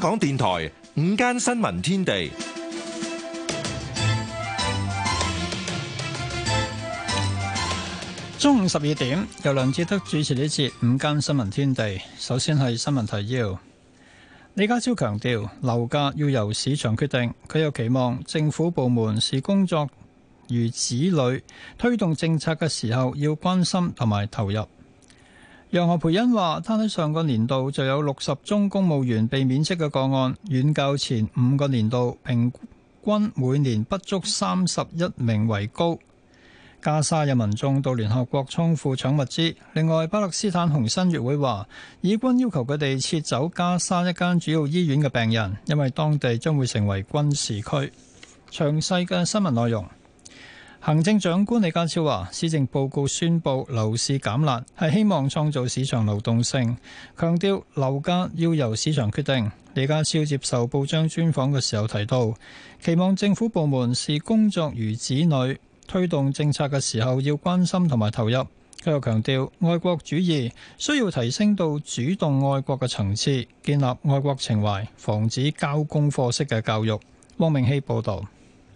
香港電台午間新聞天地，中午十二點由梁智德主持呢節午間新聞天地。首先係新聞提要，李家超強調樓價要由市場決定，佢又期望政府部門視工作如子女，推動政策嘅時候要關心同埋投入。楊何蓓茵話，單喺上個年度就有六十宗公務員被免職嘅個案，遠較前五個年度平均每年不足三十一名為高。加沙有民眾到聯合國倉庫搶物資，另外巴勒斯坦紅新月會話，以軍要求佢哋撤走加沙一間主要醫院嘅病人，因為當地將會成為軍事區。詳細嘅新聞內容。行政長官李家超話：施政報告宣布樓市減辣，係希望創造市場流動性，強調樓價要由市場決定。李家超接受報章專訪嘅時候提到，期望政府部門視工作如子女，推動政策嘅時候要關心同埋投入。佢又強調，愛國主義需要提升到主動愛國嘅層次，建立愛國情懷，防止交功課式嘅教育。汪明希報導。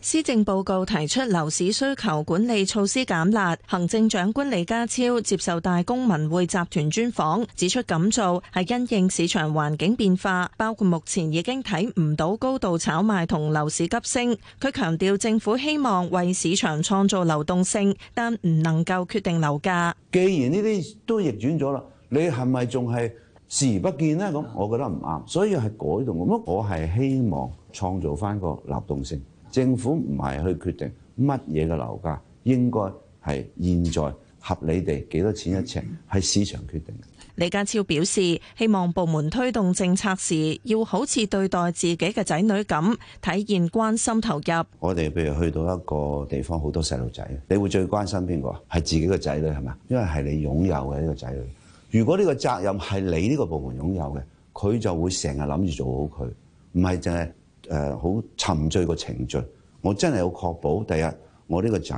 施政報告提出樓市需求管理措施減辣。行政長官李家超接受大公文匯集團專訪，指出咁做係因應市場環境變化，包括目前已經睇唔到高度炒賣同樓市急升。佢強調政府希望為市場創造流動性，但唔能夠決定樓價。既然呢啲都逆轉咗啦，你係咪仲係視而不見呢？咁我覺得唔啱，所以係改動咁。我係希望創造返個流動性。政府唔係去決定乜嘢嘅樓價應該係現在合理地幾多錢一尺，係市場決定嘅。李家超表示，希望部門推動政策時，要好似對待自己嘅仔女咁，體現關心投入。我哋譬如去到一個地方，好多細路仔，你會最關心邊個？係自己嘅仔女係嘛？因為係你擁有嘅呢個仔女。如果呢個責任係你呢個部門擁有嘅，佢就會成日諗住做好佢，唔係淨係。誒好、呃、沉醉個程序，我真係要確保第日我呢個仔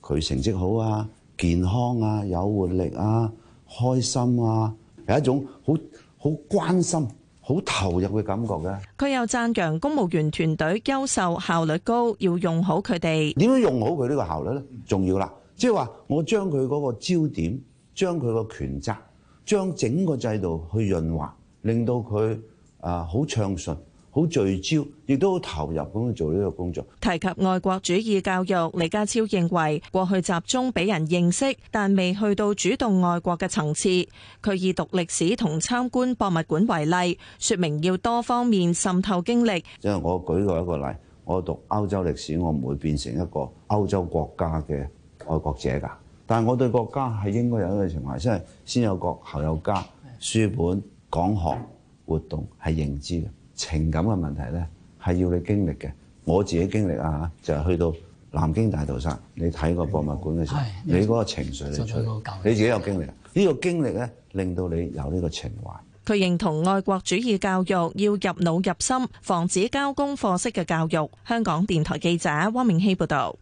佢成績好啊、健康啊、有活力啊、開心啊，有一種好好關心、好投入嘅感覺嘅。佢又讚揚公務員團隊優秀、效率高，要用好佢哋。點樣用好佢呢個效率呢？重要啦，即係話我將佢嗰個焦點、將佢個權責、將整個制度去潤滑，令到佢啊好暢順。好聚焦，亦都好投入咁去做呢個工作。提及愛國主義教育，李家超認為過去集中俾人認識，但未去到主動愛國嘅層次。佢以讀歷史同參觀博物館為例，說明要多方面滲透經歷，因為我舉過一個例，我讀歐洲歷史，我唔會變成一個歐洲國家嘅愛國者噶，但係我對國家係應該有一個情懷，即係先有國後有家。書本講學活動係認知嘅。情感嘅問題呢，係要你經歷嘅。我自己經歷啊就係去到南京大屠殺，你睇個博物館嘅時候，的你嗰個情緒你出，你自己有經歷。呢的個經歷呢，令到你有呢個情懷。佢認同愛國主義教育要入腦入心，防止交功課式嘅教育。香港電台記者汪明希報道。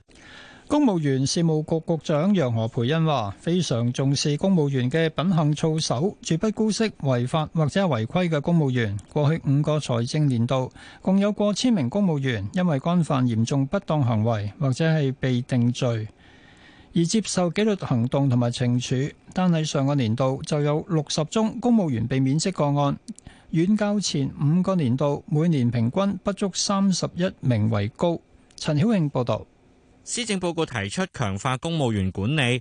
公務員事務局局長楊何培恩話：非常重視公務員嘅品行操守，絕不姑息違法或者係違規嘅公務員。過去五個財政年度，共有過千名公務員因為干犯嚴重不當行為或者係被定罪而接受紀律行動同埋懲處。但係上個年度就有六十宗公務員被免職個案，遠較前五個年度，每年平均不足三十一名為高。陳曉穎報道。施政報告提出強化公務員管理。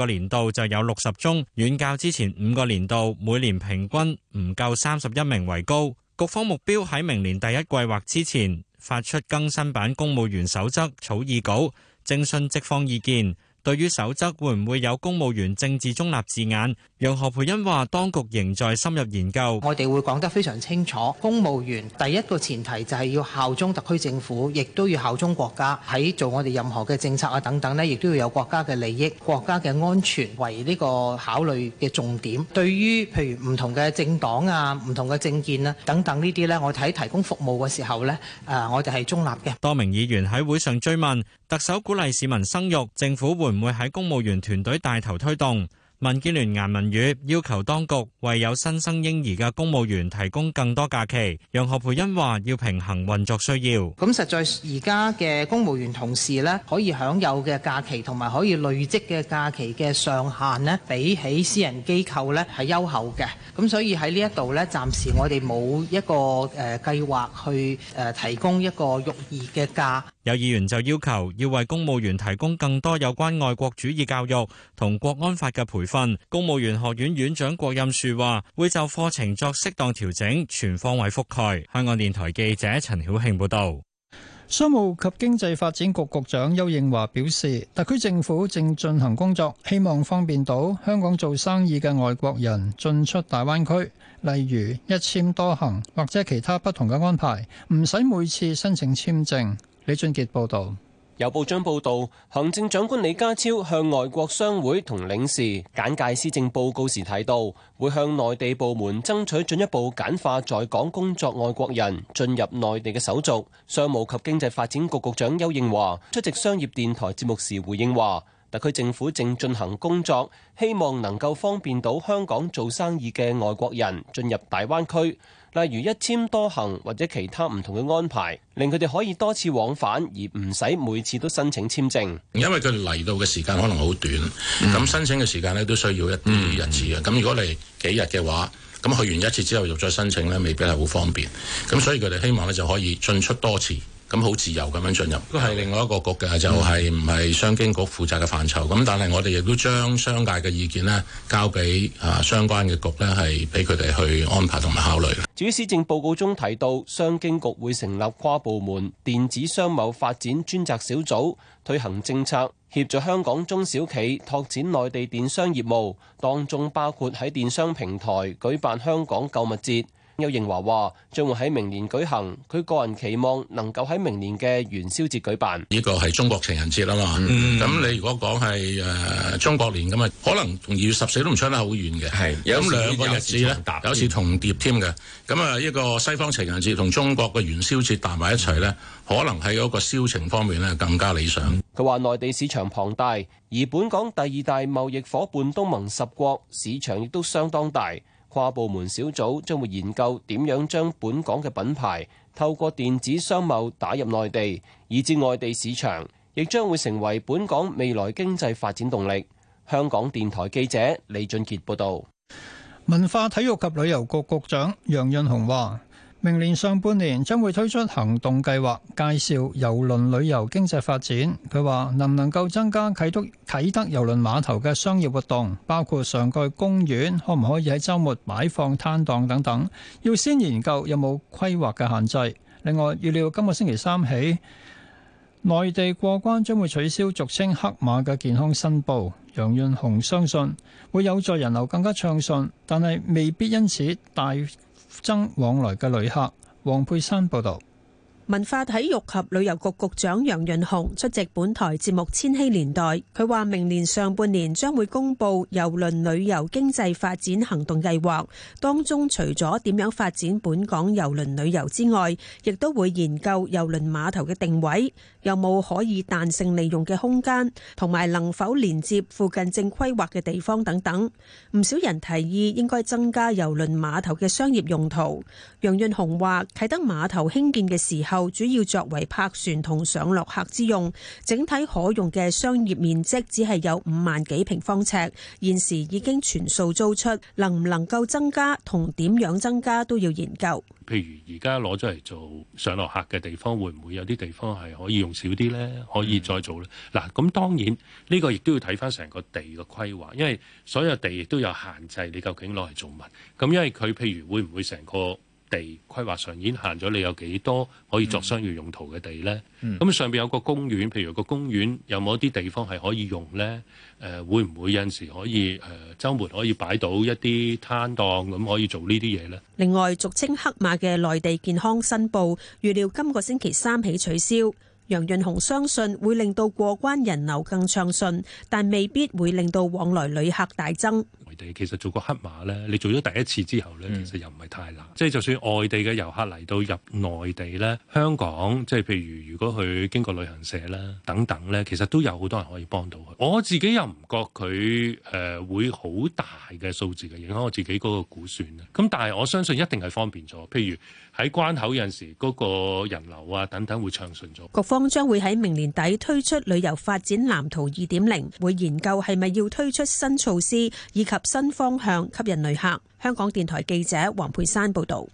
個年度就有六十宗，遠較之前五個年度每年平均唔夠三十一名為高。局方目標喺明年第一季或之前發出更新版公務員守則草擬稿，徵詢職方意見。對於守則會唔會有公務員政治中立字眼？楊何蓓茵話當局仍在深入研究，我哋會講得非常清楚，公務員第一個前提就係要效忠特區政府，亦都要效忠國家，喺做我哋任何嘅政策啊，等等，亦都要有國家嘅利益，國家嘅安全為呢個考慮嘅重點。對於，譬如，唔同嘅政黨啊，唔同嘅政見啊，等等，呢啲呢，我睇提供服務嘅時候呢，我哋係中立嘅。多名議員喺會上追問，特首鼓勵市民生育，政府會唔會喺公務員團隊帶頭推動？民建聯顏汶羽要求當局為有新生嬰兒嘅公務員提供更多假期。楊何蓓茵話：要平衡運作需要，咁實在而家嘅公務員同事呢，可以享有嘅假期同埋可以累積嘅假期嘅上限呢，比起私人機構呢係優厚嘅。咁所以喺呢一度呢，暫時我哋冇一個誒計劃去誒提供一個育兒嘅假。有議員就要求要為公務員提供更多有關愛國主義教育同國安法嘅培訓。公務員學院院長郭任樹話，會就課程作適當調整，全方位覆蓋。香港電台記者陳曉慶報道。商務及經濟發展局局長邱應華表示，特區政府正進行工作，希望方便到香港做生意嘅外國人進出大灣區，例如一簽多行或者其他不同嘅安排，唔使每次申請簽證。李俊傑報道。有報章報道，行政長官李家超向外國商會同領事簡介施政報告時提到，會向內地部門爭取進一步簡化在港工作外國人進入內地嘅手續。商務及經濟發展局局長邱應華出席商業電台節目時回應話，特區政府正進行工作，希望能夠方便到香港做生意嘅外國人進入大灣區。例如一簽多行或者其他唔同嘅安排，令佢哋可以多次往返而唔使每次都申請簽證，因為佢嚟到嘅時間可能好短，咁、嗯、申請嘅時間咧都需要一啲日子嘅。咁、嗯、如果你幾日嘅話，咁去完一次之後又再申請咧，未必係好方便。咁所以佢哋希望咧就可以進出多次。咁好自由咁樣進入，都係另外一個局嘅，就係唔係商經局負責嘅範疇。咁但係我哋亦都將商界嘅意見咧，交俾相關嘅局呢係俾佢哋去安排同埋考慮。至於施政報告中提到，商經局會成立跨部門電子商貿發展專責小組，推行政策協助香港中小企拓展內地電商業務，當中包括喺電商平台舉辦香港購物節。有榮華話，將會喺明年舉行。佢個人期望能夠喺明年嘅元宵節舉辦。呢個係中國情人節啊嘛，咁、嗯、你如果講係誒中國年咁啊，可能同二月十四都唔差得好遠嘅。係有兩個日子咧，有時同疊添嘅。咁啊，一、嗯、個西方情人節同中國嘅元宵節搭埋一齊咧，可能喺嗰個銷情方面咧更加理想。佢話內地市場龐大，而本港第二大貿易夥伴東盟十國市場亦都相當大。跨部門小組將會研究點樣將本港嘅品牌透過電子商貿打入內地，以至外地市場，亦將會成為本港未來經濟發展動力。香港電台記者李俊傑報道。文化體育及旅遊局局長楊潤雄話。明年上半年將會推出行動計劃，介紹郵輪旅遊經濟發展。佢話能唔能夠增加啟德啟德郵輪碼頭嘅商業活動，包括上蓋公園可唔可以喺周末擺放攤檔等等，要先研究有冇規劃嘅限制。另外，預料今個星期三起，內地過關將會取消俗稱黑馬嘅健康申報，楊潤雄相信會有助人流更加暢順，但係未必因此大。新增往來嘅旅客，黃佩珊報道。文化體育及旅遊局局長楊潤雄出席本台節目《千禧年代》，佢話：明年上半年將會公布郵輪旅遊經濟發展行動計劃，當中除咗點樣發展本港郵輪旅遊之外，亦都會研究郵輪碼頭嘅定位，有冇可以彈性利用嘅空間，同埋能否連接附近正規劃嘅地方等等。唔少人提議應該增加郵輪碼頭嘅商業用途。楊潤雄話：啟德碼頭興建嘅時候，主要作為泊船同上落客之用，整體可用嘅商業面積只係有五萬幾平方尺，現時已經全數租出，能唔能夠增加同點樣增加都要研究。譬如而家攞咗嚟做上落客嘅地方，會唔會有啲地方係可以用少啲呢？可以再做呢？嗱，咁當然呢個亦都要睇翻成個地嘅規劃，因為所有地亦都有限制，你究竟攞嚟做乜？咁因為佢譬如會唔會成個？地規劃上已經限咗你有幾多可以作商業用途嘅地呢？咁上邊有個公園，譬如個公園有冇一啲地方係可以用呢？誒，會唔會有陣時可以誒週末可以擺到一啲攤檔咁可以做呢啲嘢呢？另外，俗稱黑馬嘅內地健康申報預料今個星期三起取消。楊潤雄相信會令到過關人流更暢順，但未必會令到往來旅客大增。其實做個黑馬呢，你做咗第一次之後呢，其實又唔係太難。嗯、即係就算外地嘅遊客嚟到入內地呢，香港即係譬如如果佢經過旅行社啦等等呢，其實都有好多人可以幫到佢。我自己又唔覺佢誒、呃、會好大嘅數字嘅影響。我自己嗰個估算啊，咁但係我相信一定係方便咗。譬如喺關口有陣時嗰、嗰個人流啊等等會暢順咗。局方將會喺明年底推出旅遊發展藍圖二點零，會研究係咪要推出新措施以及新方向吸引旅客。香港電台記者黃佩珊報道。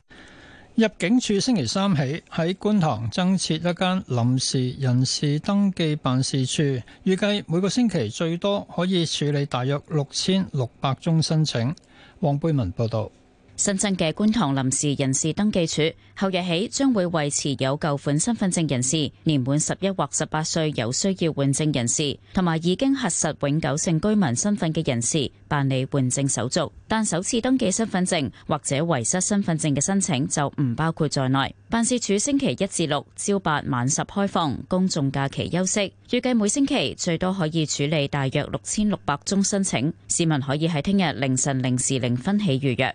入境處星期三起喺觀塘增設一間臨時人事登記辦事處，預計每個星期最多可以處理大約六千六百宗申請。黃貝文報道。新增嘅觀塘臨時人事登記處後日起將會為持有舊款身份證人士、年滿十一或十八歲有需要換證人士，同埋已經核實永久性居民身份嘅人士辦理換證手續。但首次登記身份證或者遺失身份證嘅申請就唔包括在內。辦事處星期一至六朝八晚十開放，公眾假期休息。預計每星期最多可以處理大約六千六百宗申請。市民可以喺聽日凌晨零時零分起預約。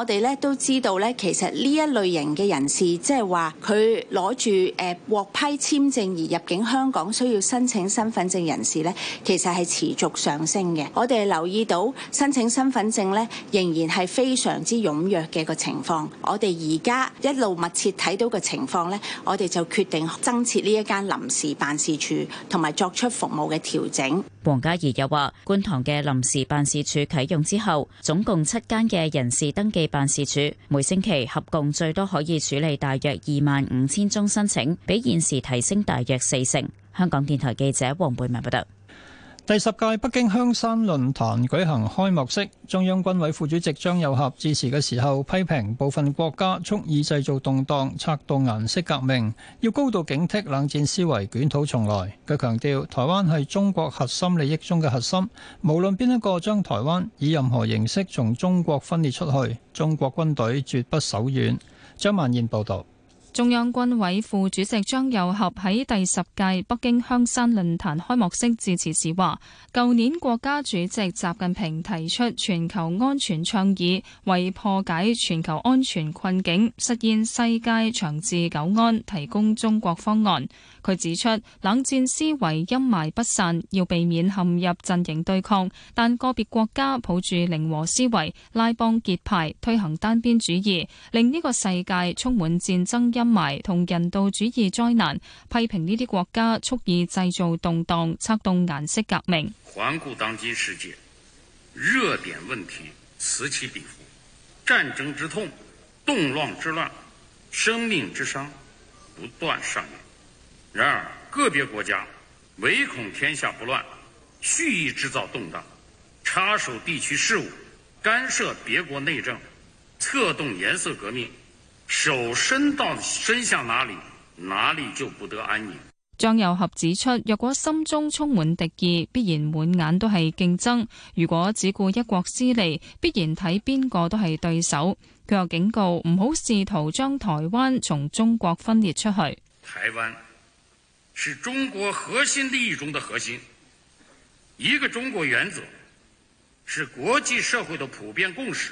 我哋咧都知道咧，其實呢一類型嘅人士，即係話佢攞住誒獲批簽證而入境香港需要申請身份證人士咧，其實係持續上升嘅。我哋留意到申請身份證咧，仍然係非常之踴躍嘅個情況。我哋而家一路密切睇到個情況咧，我哋就決定增設呢一間臨時辦事處，同埋作出服務嘅調整。王嘉怡又話：觀塘嘅臨時辦事處啟用之後，總共七間嘅人事登記辦事處，每星期合共最多可以處理大約二萬五千宗申請，比現時提升大約四成。香港電台記者黃貝文報道。第十屆北京香山論壇舉行開幕式，中央軍委副主席張又俠致辭嘅時候批評部分國家蓄意製造動盪、策動顏色革命，要高度警惕冷戰思維捲土重來。佢強調，台灣係中國核心利益中嘅核心，無論邊一個將台灣以任何形式從中國分裂出去，中國軍隊絕不手軟。張萬燕報道。中央軍委副主席張又俠喺第十屆北京香山論壇開幕式致辭時話：舊年國家主席習近平提出全球安全倡議，為破解全球安全困境，實現世界長治久安提供中國方案。佢指出，冷戰思維陰霾不散，要避免陷入陣營對抗，但個別國家抱住零和思維、拉幫結派、推行單邊主義，令呢個世界充滿戰爭陰陰霾同人道主義災難，批評呢啲國家蓄意製造動盪，策動顏色革命。環顧當今世界，熱點問題此起彼伏，戰爭之痛、動亂之亂、生命之傷不斷上演。然而個別國家唯恐天下不亂，蓄意製造動盪，插手地區事務，干涉別國內政，策動顏色革命。手伸到伸向哪裏，哪裏就不得安寧。張友合指出，若果心中充滿敵意，必然滿眼都係競爭；如果只顧一國私利，必然睇邊個都係對手。佢又警告，唔好試圖將台灣從中國分裂出去。台灣是中國核心利益中的核心，一個中國原則是國際社會的普遍共識。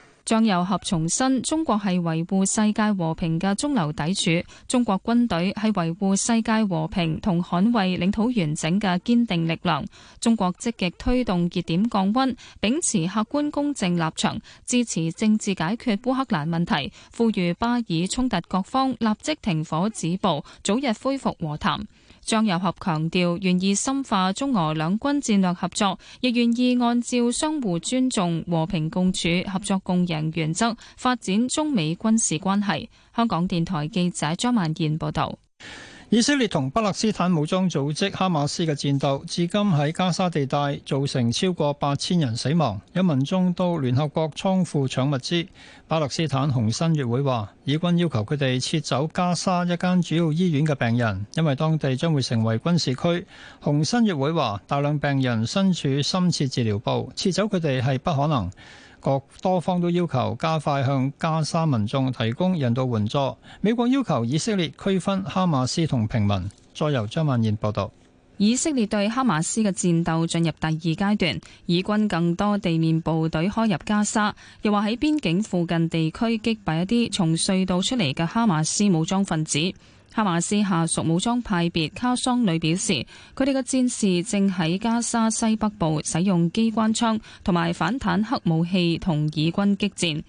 將有合重申中國係維護世界和平嘅中流砥柱，中國軍隊係維護世界和平同捍衛領土完整嘅堅定力量。中國積極推動熱點降溫，秉持客觀公正立場，支持政治解決烏克蘭問題，呼籲巴以衝突各方立即停火止暴，早日恢復和談。張又俠強調，願意深化中俄兩軍戰略合作，亦願意按照相互尊重、和平共處、合作共贏原則發展中美軍事關係。香港電台記者張萬燕報道。以色列同巴勒斯坦武裝組織哈馬斯嘅戰鬥，至今喺加沙地帶造成超過八千人死亡，有民眾到聯合國倉庫搶物資。巴勒斯坦紅新月會話，以軍要求佢哋撤走加沙一間主要醫院嘅病人，因為當地將會成為軍事區。紅新月會話大量病人身處深切治療部，撤走佢哋係不可能。各多方都要求加快向加沙民眾提供人道援助。美國要求以色列區分哈馬斯同平民。再由張曼燕報導，以色列對哈馬斯嘅戰鬥進入第二階段，以軍更多地面部隊開入加沙，又話喺邊境附近地區擊敗一啲從隧道出嚟嘅哈馬斯武裝分子。哈馬斯下屬武裝派別卡桑旅表示，佢哋嘅戰士正喺加沙西北部使用機關槍同埋反坦克武器同以軍激戰。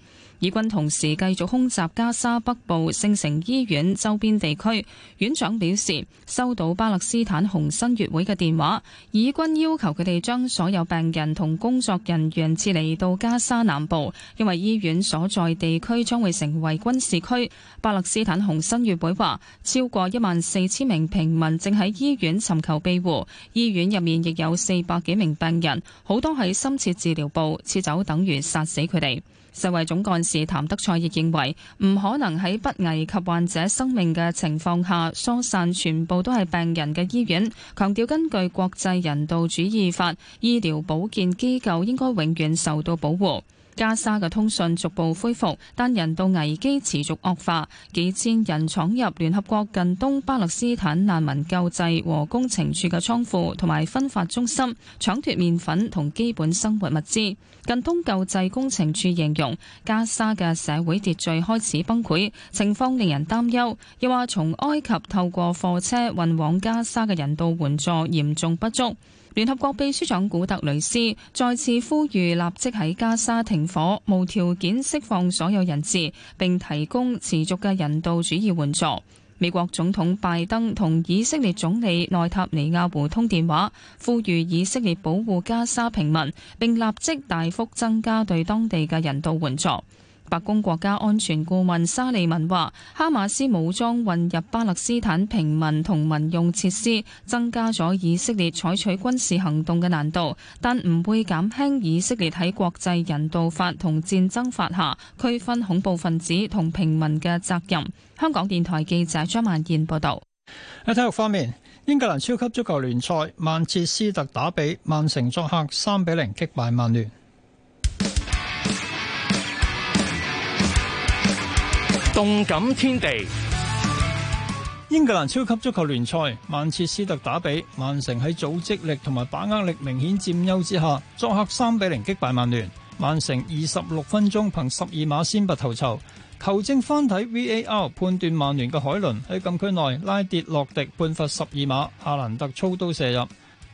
以軍同時繼續空襲加沙北部聖城醫院周邊地區。院長表示收到巴勒斯坦紅新月會嘅電話，以軍要求佢哋將所有病人同工作人員撤離到加沙南部，因為醫院所在地區將會成為軍事區。巴勒斯坦紅新月會話，超過一萬四千名平民正喺醫院尋求庇護，醫院入面亦有四百幾名病人，好多喺深切治療部，撤走等於殺死佢哋。世衛總幹事譚德賽亦認為，唔可能喺不危及患者生命嘅情況下疏散全部都係病人嘅醫院，強調根據《國際人道主義法》，醫療保健機構應該永遠受到保護。加沙嘅通訊逐步恢復，但人道危機持續惡化。幾千人闖入聯合國近東巴勒斯坦難民救濟和工程處嘅倉庫同埋分發中心，搶奪麵粉同基本生活物資。近東救濟工程處形容加沙嘅社會秩序開始崩潰，情況令人擔憂，又話從埃及透過貨車運往加沙嘅人道援助嚴重不足。聯合國秘書長古特雷斯再次呼籲立即喺加沙停火、無條件釋放所有人質，並提供持續嘅人道主義援助。美國總統拜登同以色列總理內塔尼亞胡通電話，呼籲以色列保護加沙平民，並立即大幅增加對當地嘅人道援助。白宮國家安全顧問沙利文話，哈馬斯武裝混入巴勒斯坦平民同民用設施，增加咗以色列採取軍事行動嘅難度，但唔會減輕以色列喺國際人道法同戰爭法下區分恐怖分子同平民嘅責任。香港電台記者張曼燕報道。喺體育方面，英格蘭超級足球聯賽，曼徹斯特打比，曼城作客三比零擊敗曼聯。動感天地，英格蘭超級足球聯賽，曼徹斯特打比，曼城喺組織力同埋把握力明顯佔優之下，作客三比零擊敗曼聯。曼城二十六分鐘憑十二碼先拔頭籌，球證翻睇 VAR 判斷曼聯嘅海倫喺禁區內拉跌洛迪判罰十二碼，阿蘭特操刀射入，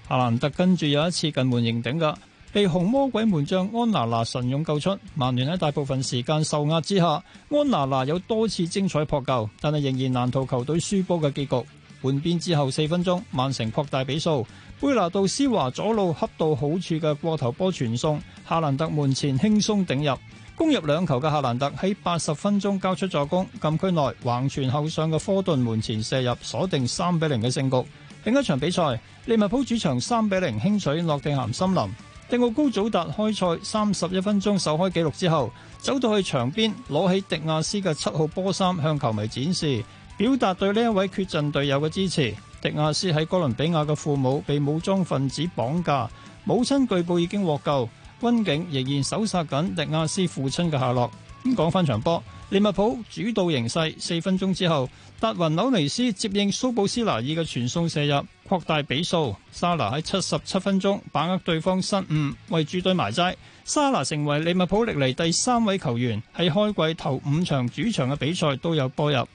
阿蘭特跟住有一次近門迎頂噶。被紅魔鬼門將安娜娜神勇救出，曼聯喺大部分時間受壓之下，安娜娜有多次精彩撲救，但係仍然難逃球隊輸波嘅結局。換邊之後四分鐘，曼城擴大比數，貝拿度斯華左路恰到好處嘅過頭波傳送，夏蘭特門前輕鬆頂入，攻入兩球嘅夏蘭特喺八十分鐘交出助攻，禁區內橫傳後上嘅科頓門前射入，鎖定三比零嘅勝局。另一場比賽，利物浦主場三比零輕取諾定咸森林。迪奧高祖達開賽三十一分鐘首開紀錄之後，走到去場邊攞起迪亞斯嘅七號波衫向球迷展示，表達對呢一位缺陣隊友嘅支持。迪亞斯喺哥倫比亞嘅父母被武裝分子綁架，母親據報已經獲救，軍警仍然搜索緊迪亞斯父親嘅下落。咁講翻場波，利物浦主導形勢。四分鐘之後，達雲紐尼斯接應蘇布斯拿爾嘅傳送射入，擴大比數。沙拿喺七十七分鐘把握對方失誤，為主隊埋齋。沙拿成為利物浦歷嚟第三位球員，喺開季頭五場主場嘅比賽都有波入。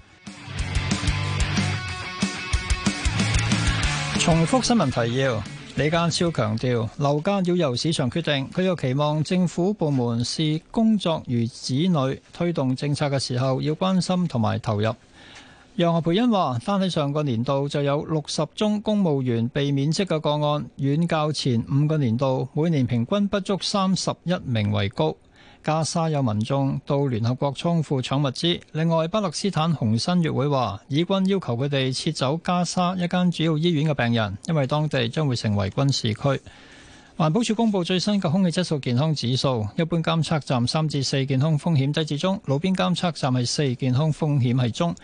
重複新聞提要。李家超強調，樓價要由市場決定。佢又期望政府部門視工作如子女，推動政策嘅時候要關心同埋投入。楊何蓓茵話，單喺上個年度就有六十宗公務員被免職嘅個案，遠較前五個年度每年平均不足三十一名為高。加沙有民眾到聯合國倉庫搶物資。另外，巴勒斯坦紅新月會話，以軍要求佢哋撤走加沙一間主要醫院嘅病人，因為當地將會成為軍事區。環保署公布最新嘅空氣質素健康指數，一般監測站三至四健康風險低至中，路邊監測站係四健康風險係中。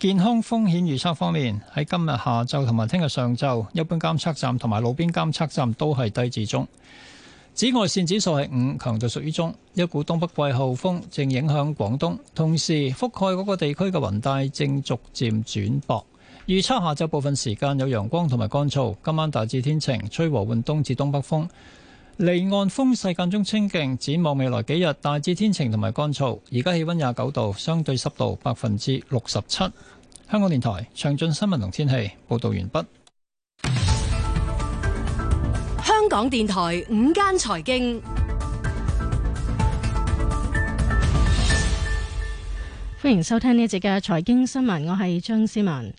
健康風險預測方面，喺今日下晝同埋聽日上晝，一般監測站同埋路邊監測站都係低至中。紫外線指數係五，強度屬於中。一股東北季候風正影響廣東，同時覆蓋嗰個地區嘅雲帶正逐漸轉薄。預測下晝部分時間有陽光同埋乾燥，今晚大致天晴，吹和緩東至東北風，離岸風勢間中清勁。展望未來幾日，大致天晴同埋乾燥。而家氣温廿九度，相對濕度百分之六十七。香港電台長進新聞同天氣報導完畢。香港電台午間財經，歡迎收聽呢一節嘅財經新聞。我係張思文。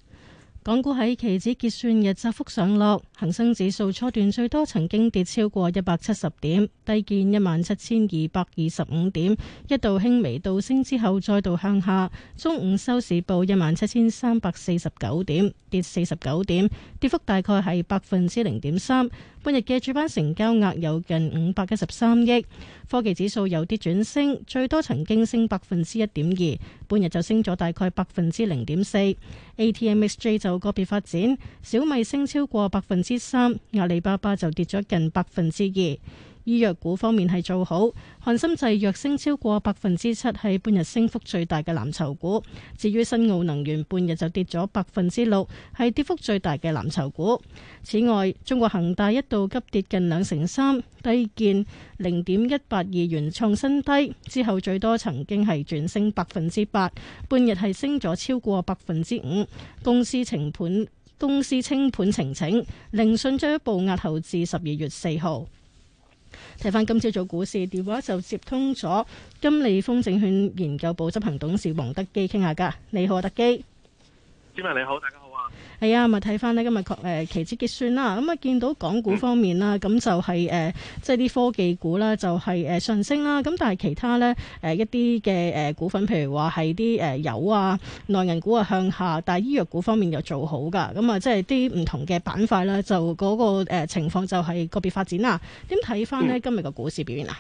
港股喺期指結算日窄幅上落，恒生指數初段最多曾經跌超過一百七十點，低見一萬七千二百二十五點，一度輕微倒升之後再度向下。中午收市報一萬七千三百四十九點，跌四十九點，跌幅大概係百分之零點三。半日嘅主板成交額有近五百一十三億，科技指數有跌轉升，最多曾經升百分之一點二，半日就升咗大概百分之零點四。A T M X J 就個別發展，小米升超過百分之三，阿里巴巴就跌咗近百分之二。醫藥股方面係做好，翰森製藥升超過百分之七，係半日升幅最大嘅藍籌股。至於新奧能源，半日就跌咗百分之六，係跌幅最大嘅藍籌股。此外，中國恒大一度急跌近兩成三，低見零點一八二元創新低，之後最多曾經係轉升百分之八，半日係升咗超過百分之五。公司清盤，公司清盤呈請，聆訊進一步押後至十二月四號。睇翻今朝早股市，電話就接通咗金利豐證券研究部執行董事王德基傾下噶。你好，德基，係啊，咪睇翻呢今日誒期指結算啦，咁啊見到港股方面啦，咁就係誒即係啲科技股啦，就係誒上升啦。咁但係其他咧誒一啲嘅誒股份，譬如話係啲誒油啊、內銀股啊向下，但係醫藥股方面又做好噶。咁啊，即係啲唔同嘅板塊啦，就嗰個誒情況就係個別發展啦。點睇翻呢？今日嘅股市表現啊？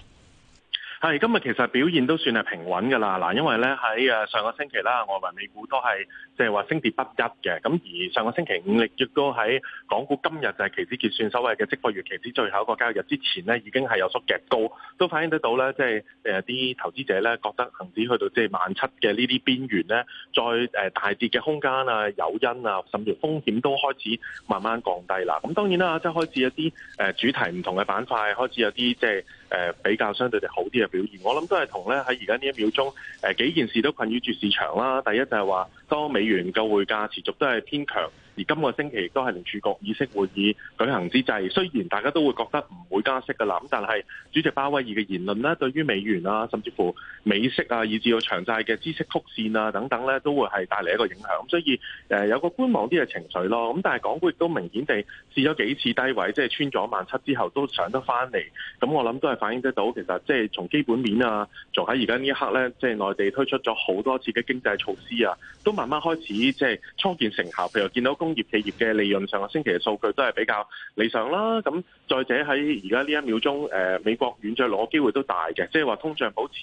係今日其實表現都算係平穩㗎啦，嗱，因為咧喺誒上個星期啦，外圍美股都係即係話升跌不一嘅，咁而上個星期五，你亦都喺港股今日就係期指結算，所謂嘅即個月期指最後一個交易日之前咧，已經係有所夾高，都反映得到咧、就是，即係誒啲投資者咧覺得恒指去到即係萬七嘅呢啲邊緣咧，再誒大跌嘅空間啊、誘因啊，甚至風險都開始慢慢降低啦。咁當然啦，即、就、係、是、開始有啲誒主題唔同嘅板塊，開始有啲即係。誒比較相對就好啲嘅表現，我諗都係同咧喺而家呢在在一秒鐘，誒、呃、幾件事都困擾住市場啦。第一就係話，當美元購匯價持續都係偏強。而今個星期都係聯儲局議息會議舉行之際，雖然大家都會覺得唔會加息噶啦，咁但係主席鮑威爾嘅言論咧，對於美元啊，甚至乎美息啊，以至到長債嘅知識曲線啊等等呢，都會係帶嚟一個影響。所以誒，有個觀望啲嘅情緒咯。咁但係港股亦都明顯地試咗幾次低位，即係穿咗萬七之後都上得翻嚟。咁我諗都係反映得到其實即係從基本面啊，仲喺而家呢一刻呢，即係內地推出咗好多次嘅經濟措施啊，都慢慢開始即係初見成效。譬如見到公工業企業嘅利潤上個星期嘅數據都係比較理想啦，咁再者喺而家呢一秒鐘，誒、呃，美國軟著陸機會都大嘅，即係話通脹保持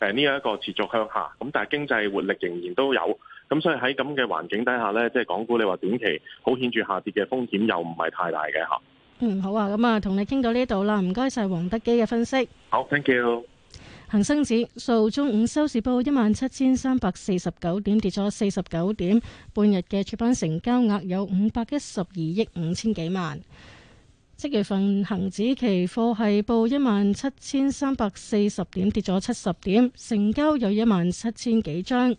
誒呢一個持續向下，咁但係經濟活力仍然都有，咁所以喺咁嘅環境底下呢，即係港股你話短期好顯著下跌嘅風險又唔係太大嘅吓。嗯，好啊，咁、嗯、啊，同你傾到呢度啦，唔該晒黃德基嘅分析。好，thank you。恒生指數中午收市報一萬七千三百四十九點，跌咗四十九點。半日嘅主板成交額有五百一十二億五千幾萬。即月份恒指期貨係報一萬七千三百四十點，跌咗七十點，成交有一萬七千幾張。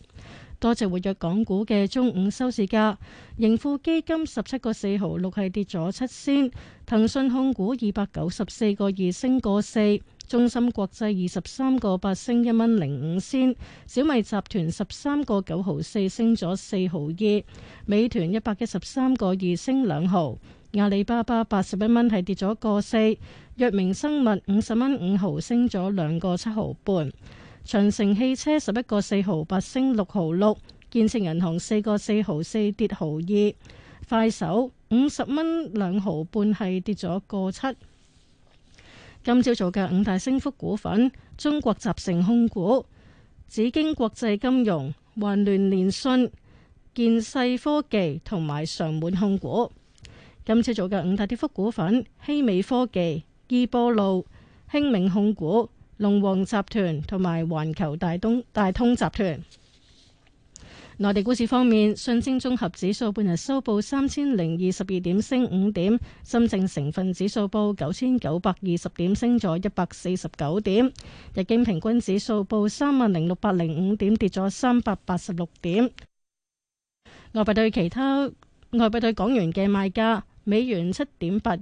多隻活躍港股嘅中午收市價。盈富基金十七個四毫六係跌咗七仙。騰訊控股二百九十四個二升個四。中芯國際二十三個八升一蚊零五仙，小米集團十三個九毫四升咗四毫二，美團一百一十三個二升兩毫，阿里巴巴八十一蚊係跌咗個四，藥明生物五十蚊五毫升咗兩個七毫半，長城汽車十一個四毫八升六毫六，建設銀行四個四毫四跌毫二，快手五十蚊兩毫半係跌咗個七。今朝早嘅五大升幅股份：中國集成控股、紫荊國際金融、環聯聯訊、建世科技同埋常滿控股。今朝早嘅五大跌幅股份：希美科技、易波路、興明控股、龍王集團同埋環球大東大通集團。內地股市方面，上證綜合指數半日收報三千零二十二點，升五點；深證成分指數報九千九百二十點，升咗一百四十九點；日經平均指數報三萬零六百零五點，跌咗三百八十六點。外幣對其他外幣對港元嘅賣價：美元七點八二二，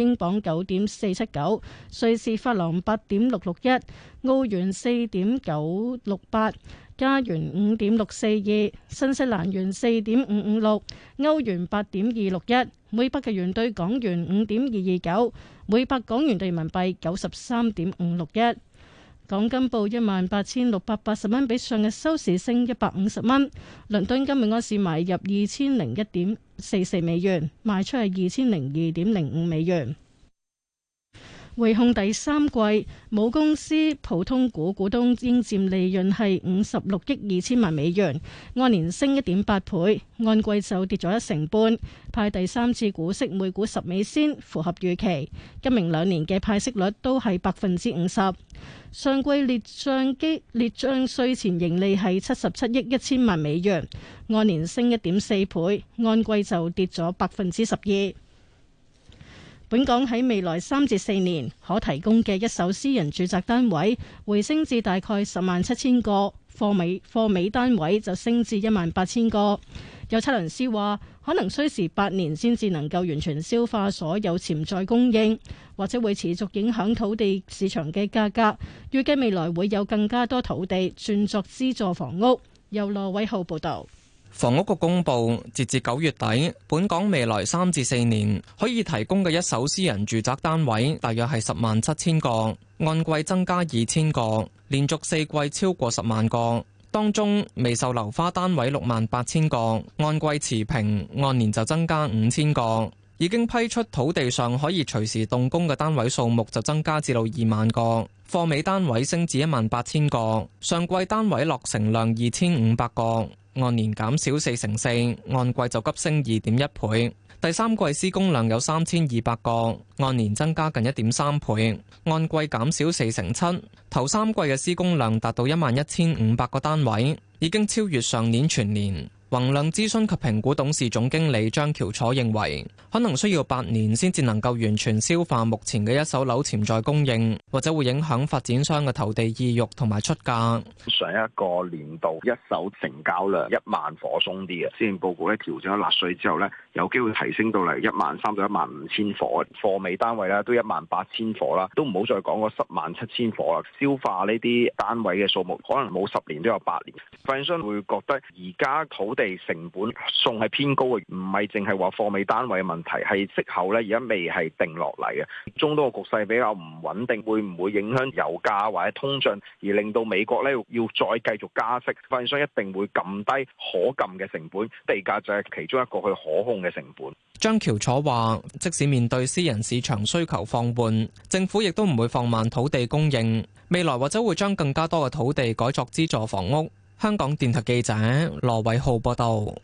英鎊九點四七九，瑞士法郎八點六六一，澳元四點九六八。加元五點六四二，2, 新西蘭元四點五五六，歐元八點二六一，每百日元兌港元五點二二九，每百港元兌人民幣九十三點五六一。港金報一萬八千六百八十蚊，比上日收市升一百五十蚊。倫敦金每安士買入二千零一點四四美元，賣出係二千零二點零五美元。匯控第三季母公司普通股股東應占利潤係五十六億二千萬美元，按年升一點八倍，按季就跌咗一成半，派第三次股息每股十美仙，符合預期。今明兩年嘅派息率都係百分之五十。上季列賬基列賬稅前盈利係七十七億一千萬美元，按年升一點四倍，按季就跌咗百分之十二。本港喺未來三至四年可提供嘅一手私人住宅單位回升至大概十萬七千個，貨尾貨尾單位就升至一萬八千個。有測量師話，可能需時八年先至能夠完全消化所有潛在供應，或者會持續影響土地市場嘅價格。預計未來會有更加多土地轉作資助房屋。由羅偉浩報導。房屋局公布，截至九月底，本港未來三至四年可以提供嘅一手私人住宅單位大約係十萬七千個，按季增加二千個，連續四季超過十萬個。當中未售樓花單位六萬八千個，按季持平，按年就增加五千個。已經批出土地上可以隨時動工嘅單位數目就增加至到二萬個，貨尾單位升至一萬八千個。上季單位落成量二千五百個。按年減少四成四，按季就急升二點一倍。第三季施工量有三千二百個，按年增加近一點三倍，按季減少四成七。頭三季嘅施工量達到一萬一千五百個單位，已經超越上年全年。宏亮諮詢及評估董事總經理張翹楚認為，可能需要八年先至能夠完全消化目前嘅一手樓潛在供應，或者會影響發展商嘅投地意欲同埋出價。上一個年度一手成交量一萬火鬆啲嘅，施政報告咧調整咗納稅之後呢，有機會提升到嚟一萬三到一萬五千火，貨尾單位咧都一萬八千火啦，都唔好再講嗰十萬七千火啦。消化呢啲單位嘅數目，可能冇十年都有八年。發展商會覺得而家土地成本仲係偏高嘅，唔係淨係話貨尾單位嘅問題，係息口咧而家未係定落嚟嘅。中東個局勢比較唔穩定，會唔會影響油價或者通脹，而令到美國咧要再繼續加息？發展商一定會撳低可撳嘅成本，地價就係其中一個去可控嘅成本。張喬楚話，即使面對私人市場需求放緩，政府亦都唔會放慢土地供應，未來或者會將更加多嘅土地改作資助房屋。香港電台記者羅偉浩報道，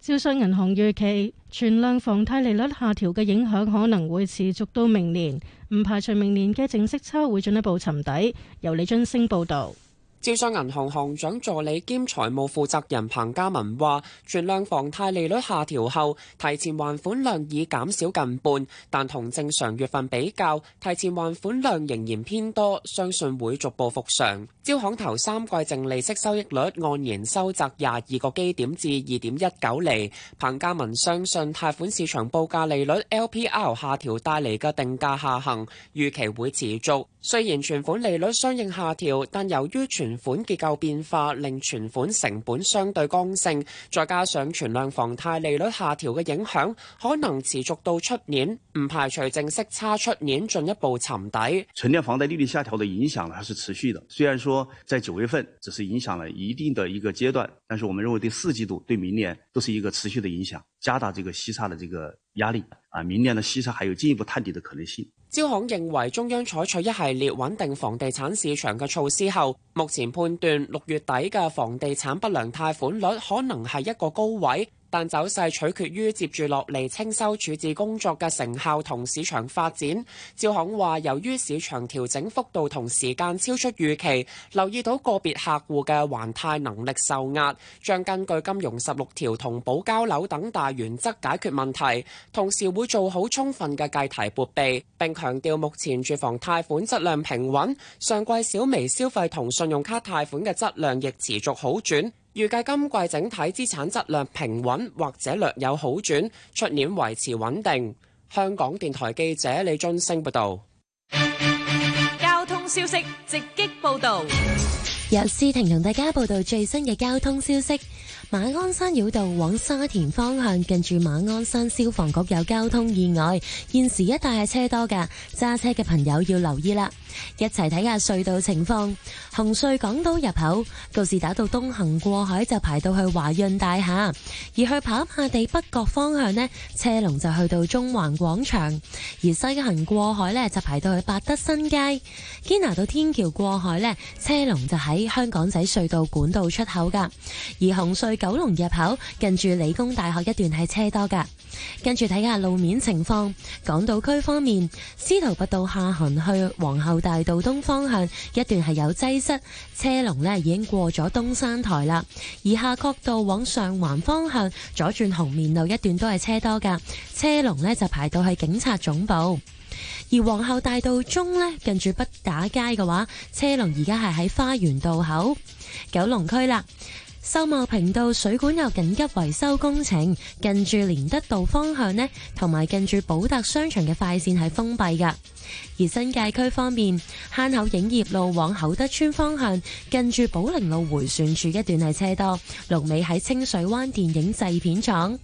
招商銀行預期存量房貸利率下調嘅影響可能會持續到明年，唔排除明年嘅淨息差會進一步沉底。由李津升報道。招商銀行行長助理兼財務負責人彭家文話：存量房貸利率下調後，提前還款，款量已減少近半，但同正常月份比較，提前還款，款量仍然偏多，相信會逐步復常。招行頭三季淨利息收益率按年收窄廿二個基點至二點一九厘。彭家文相信貸款市場報價利率 LPR 下調帶嚟嘅定價下行預期會持續。雖然存款利率相應下調，但由於存存款結構變化令存款成本相對剛性，再加上存量房貸利率下調嘅影響，可能持續到出年，唔排除正式差出年進一步沉底。存量房貸利率下調嘅影響呢，還是持續的。雖然說在九月份只是影響了一定的一個階段，但是我們認為第四季度，對明年都是一個持續嘅影響，加大這個息差的這個壓力。啊，明年嘅息差還有進一步探底嘅可能性。招行認為中央採取一系列穩定房地產市場嘅措施後，目前判斷六月底嘅房地產不良貸款率可能係一個高位。但走勢取決於接住落嚟清收處置工作嘅成效同市場發展。招行話：由於市場調整幅度同時間超出預期，留意到個別客戶嘅還貸能力受壓，將根據金融十六條同保交樓等大原則解決問題，同時會做好充分嘅計提撥備。並強調目前住房貸款質量平穩，上季小微消費同信用卡貸款嘅質量亦持續好轉。預計今季整體資產質量平穩或者略有好轉，出年維持穩定。香港電台記者李俊盛報道。交通消息直擊報道，由詩婷同大家報道最新嘅交通消息。馬鞍山繞道往沙田方向近住馬鞍山消防局有交通意外，現時一帶係車多噶，揸車嘅朋友要留意啦。一齊睇下隧道情況，紅隧港島入口告士打道東行過海就排到去華潤大廈，而去跑下地北角方向呢，車龍就去到中環廣場；而西行過海呢，就排到去百德新街，堅拿到天橋過海呢，車龍就喺香港仔隧道管道出口噶，而紅隧，九龍入口近住理工大學一段係車多噶，跟住睇下路面情況。港島區方面，司徒拔道下行去皇后大道東方向一段係有擠塞，車龍呢已經過咗東山台啦。而下角道往上環方向左轉紅棉路一段都係車多噶，車龍呢就排到去警察總部。而皇后大道中呢，近住北打街嘅話，車龍而家係喺花園道口九龍區啦。秀茂坪道水管有緊急維修工程，近住連德道方向呢，同埋近住寶達商場嘅快綫係封閉噶。而新界區方面，坑口影業路往厚德村方向，近住寶靈路回旋處一段係車多。龍尾喺清水灣電影製片廠。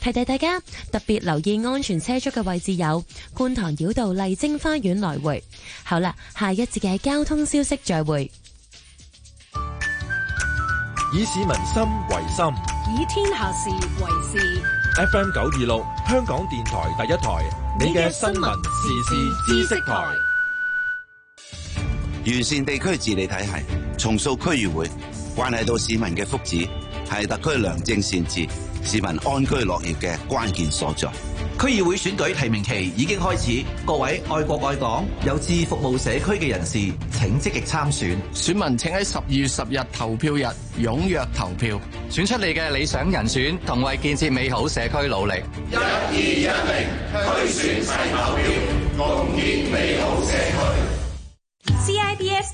提提大家，特別留意安全車速嘅位置有觀塘繞道麗晶花園來回。好啦，下一節嘅交通消息再會。以市民心為心，以天下事為事。FM 九二六，香港電台第一台，你嘅新聞、新聞時事、知識台。完善地區治理體系，重塑區議會，關係到市民嘅福祉，係特區良政善治、市民安居樂業嘅關鍵所在。區議會選舉提名期已經開始，各位愛國愛港、有志服務社區嘅人士，請積極參選。選民請喺十二月十日投票日踊躍投票，選出你嘅理想人選，同為建設美好社區努力。一二一零，區選齊投票，共建美好社區。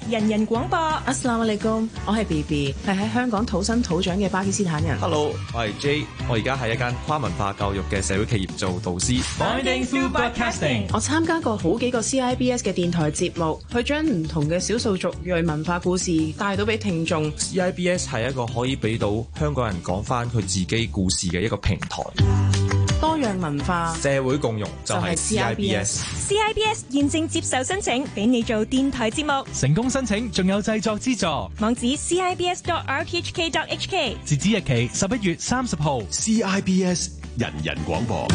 人人廣播，As-salamu alaikum，我係 BB，係喺香港土生土長嘅巴基斯坦人。Hello，我係 Jay，我而家喺一間跨文化教育嘅社會企業做導師。Finding through Broadcasting，我參加過好幾個 CIBS 嘅電台節目，佢將唔同嘅少數族裔文化故事帶到俾聽眾。CIBS 係一個可以俾到香港人講返佢自己故事嘅一個平台。多樣文化、社會共融就係、是、CIBS。CIBS 現正接受申請，俾你做電台節目。成功申請仲有製作資助，網址 CIBS.RTHK.HK。截止日期十一月三十號。CIBS 人人廣播。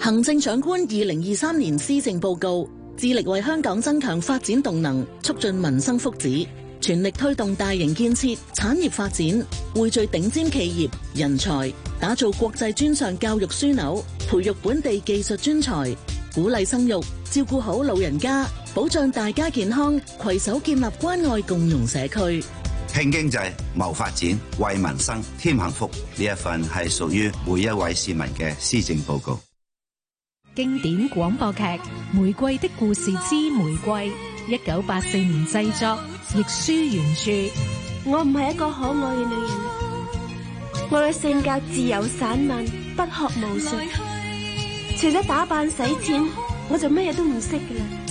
行政長官二零二三年施政報告，致力為香港增強發展動能，促進民生福祉。全力推動大型建設、產業發展，匯聚頂尖企業人才，打造國際專上教育樞紐，培育本地技術專才，鼓勵生育，照顧好老人家，保障大家健康，携手建立關愛共融社區。拼經濟、謀發展、為民生添幸福，呢一份係屬於每一位市民嘅施政報告。經典廣播劇《玫瑰的故事之玫瑰》。一九八四年製作，亦舒原著。我唔係一個可愛嘅女人，我嘅性格自由散漫，不學無術，除咗打扮使錢，我就咩嘢都唔識㗎喇。